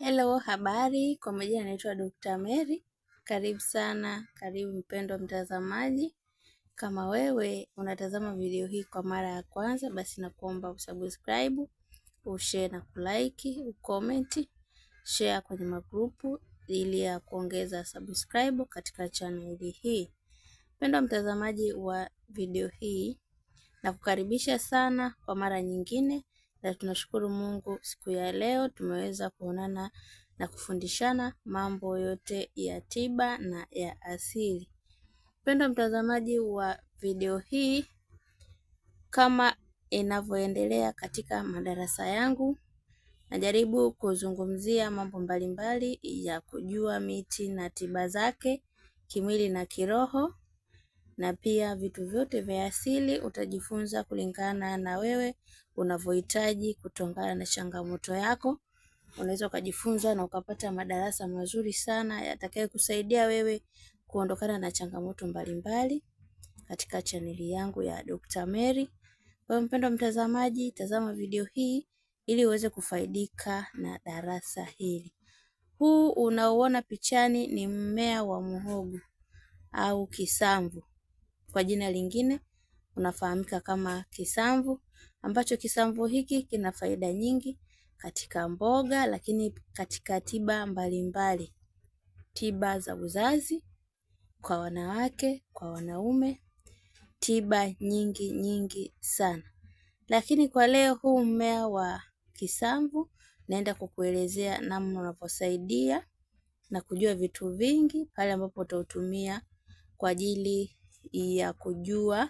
Hello, habari. Kwa majina naitwa Dr. Mary. Karibu sana, karibu mpendwa mtazamaji. Kama wewe unatazama video hii kwa mara ya kwanza, basi nakuomba usubscribe, ushare na kulike, ucomment, share kwenye magrupu ili ya kuongeza subscribe katika chaneli hii. Mpendwa mtazamaji wa video hii, nakukaribisha sana kwa mara nyingine na tunashukuru Mungu siku ya leo tumeweza kuonana na kufundishana mambo yote ya tiba na ya asili. Mpendwa mtazamaji wa video hii, kama inavyoendelea katika madarasa yangu, najaribu kuzungumzia mambo mbalimbali ya kujua miti na tiba zake kimwili na kiroho, na pia vitu vyote vya asili utajifunza kulingana na wewe unavyohitaji kutokana na changamoto yako. Unaweza ukajifunza na ukapata madarasa mazuri sana yatakayokusaidia wewe kuondokana na changamoto mbalimbali katika chaneli yangu ya Dr. Mary. Kwa hiyo mpendwa mtazamaji, tazama video hii ili uweze kufaidika na darasa hili. Huu unaoona pichani ni mmea wa muhogo au kisamvu, kwa jina lingine unafahamika kama kisamvu ambacho kisamvu hiki kina faida nyingi katika mboga, lakini katika tiba mbalimbali mbali. Tiba za uzazi kwa wanawake, kwa wanaume, tiba nyingi nyingi sana. Lakini kwa leo huu mmea wa kisamvu naenda kukuelezea namna unavyosaidia na kujua vitu vingi pale ambapo utautumia kwa ajili ya kujua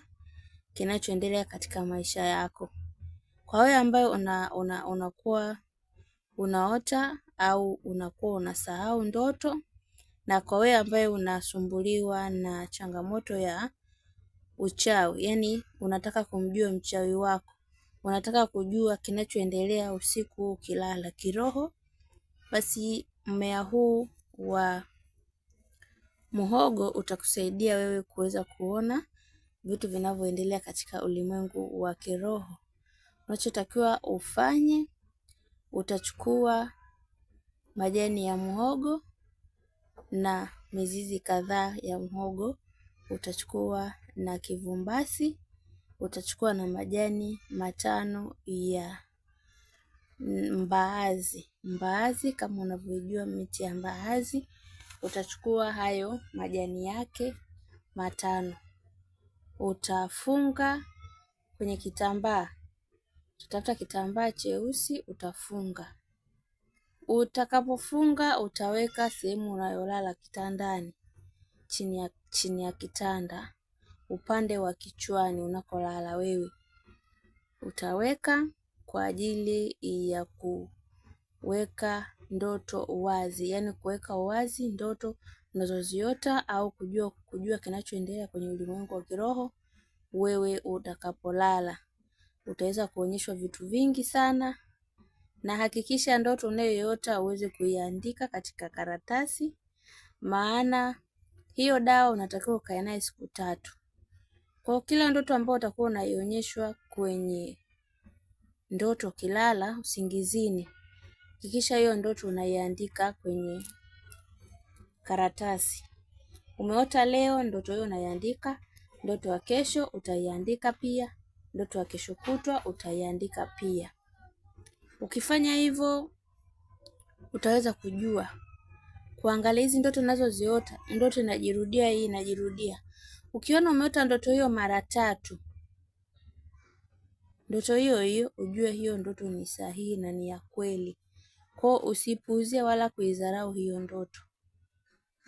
kinachoendelea katika maisha yako. Kwa wewe ambayo una, una, unakuwa unaota au unakuwa unasahau ndoto, na kwa wewe ambaye unasumbuliwa na changamoto ya uchawi, yani unataka kumjua mchawi wako, unataka kujua kinachoendelea usiku ukilala kiroho, basi mmea huu wa muhogo utakusaidia wewe kuweza kuona vitu vinavyoendelea katika ulimwengu wa kiroho. Unachotakiwa ufanye, utachukua majani ya mhogo na mizizi kadhaa ya mhogo, utachukua na kivumbasi, utachukua na majani matano ya mbaazi. Mbaazi kama unavyojua miti ya mbaazi, utachukua hayo majani yake matano utafunga kwenye kitambaa, utatafuta kitambaa cheusi utafunga. Utakapofunga utaweka sehemu unayolala kitandani, chini ya, chini ya kitanda, upande wa kichwani unakolala wewe, utaweka kwa ajili ya kuweka ndoto uwazi, yaani kuweka uwazi ndoto unazoziota au kujua, kujua kinachoendelea kwenye ulimwengu wa kiroho, wewe utakapolala utaweza kuonyeshwa vitu vingi sana. Na hakikisha ndoto unayoyota uweze kuiandika katika karatasi, maana hiyo dawa unatakiwa ukae naye siku tatu. Kwa kila ndoto ambayo utakuwa unaionyeshwa kwenye ndoto kilala usingizini, hakikisha hiyo ndoto unaiandika kwenye karatasi. Umeota leo, ndoto hiyo unaiandika, ndoto ya kesho utaiandika pia, ndoto ya kesho kutwa utaiandika pia. Ukifanya hivyo utaweza kujua kuangalia hizi ndoto nazoziota, ndoto inajirudia, hii inajirudia. Ukiona umeota ndoto hiyo mara tatu, ndoto hiyo hiyo, ujue hiyo ndoto ni sahihi na ni ya kweli. Kwao usipuuzie wala kuidharau hiyo ndoto.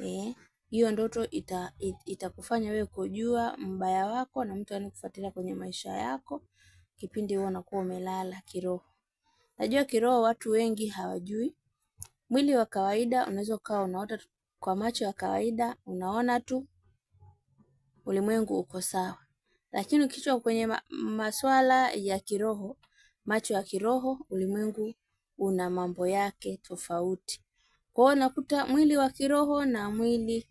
Eh, hiyo ndoto ita, it, itakufanya wewe kujua mbaya wako na mtu anayekufuatilia kwenye maisha yako kipindi wewe unakuwa umelala kiroho. Najua kiroho watu wengi hawajui. Mwili wa kawaida unaweza ukawa unaota kwa macho ya kawaida, unaona tu ulimwengu uko sawa, lakini ukichwa kwenye ma maswala ya kiroho, macho ya kiroho, ulimwengu una mambo yake tofauti. Kwa hiyo unakuta mwili wa kiroho na mwili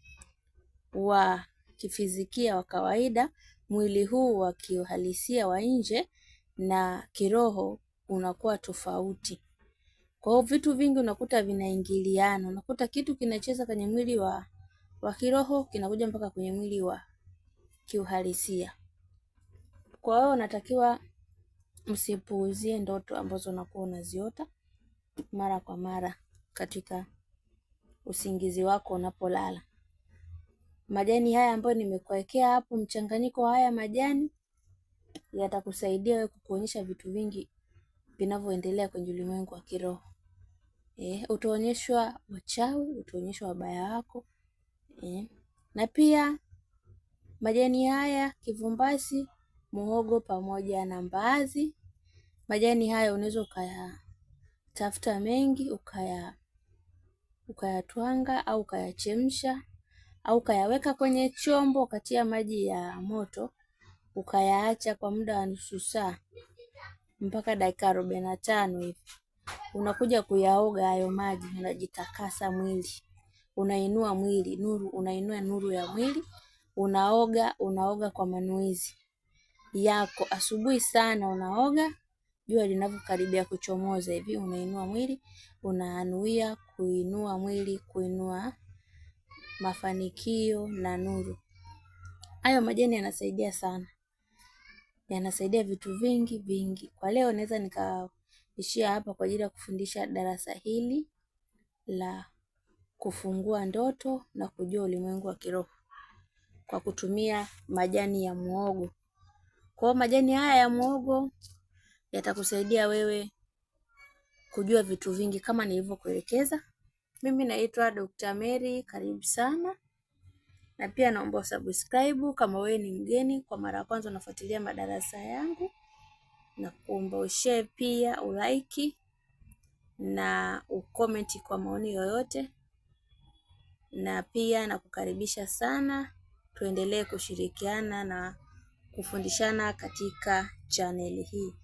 wa kifizikia wa kawaida, mwili huu wa kiuhalisia wa nje na kiroho unakuwa tofauti. Kwa hiyo vitu vingi unakuta vinaingiliana, unakuta kitu kinacheza kwenye mwili wa, wa kiroho kinakuja mpaka kwenye mwili wa kiuhalisia. Kwa hiyo unatakiwa msipuuzie ndoto ambazo unakuwa unaziota mara kwa mara katika usingizi wako unapolala. Majani haya ambayo nimekuwekea hapo, mchanganyiko wa haya majani yatakusaidia wewe kukuonyesha vitu vingi vinavyoendelea kwenye ulimwengu wa kiroho. E, utaonyeshwa wachawi, utaonyeshwa wabaya wako e. Na pia majani haya, kivumbasi, muhogo pamoja na mbaazi. Majani haya unaweza ukayatafuta mengi ukaya ukayatwanga au ukayachemsha au ukayaweka kwenye chombo ukatia maji ya moto ukayaacha kwa muda wa nusu saa mpaka dakika arobaini na tano hivi. Unakuja kuyaoga hayo maji, unajitakasa mwili, unainua mwili nuru, unainua nuru ya mwili, unaoga, unaoga kwa manuizi yako. Asubuhi sana unaoga, jua linavyokaribia kuchomoza hivi, unainua mwili, unaanuia kuinua mwili, kuinua mafanikio na nuru. Hayo majani yanasaidia sana, yanasaidia vitu vingi vingi. Kwa leo naweza nikaishia hapa kwa ajili ya kufundisha darasa hili la kufungua ndoto na kujua ulimwengu wa kiroho kwa kutumia majani ya muogo. Kwa majani haya ya muogo yatakusaidia wewe kujua vitu vingi kama nilivyokuelekeza. Mimi naitwa Dr. Mary, karibu sana, na pia naomba subscribe kama wewe ni mgeni, kwa mara ya kwanza unafuatilia madarasa yangu, na kuomba ushare pia, ulike na ukomenti kwa maoni yoyote, na pia nakukaribisha sana, tuendelee kushirikiana na kufundishana katika chaneli hii.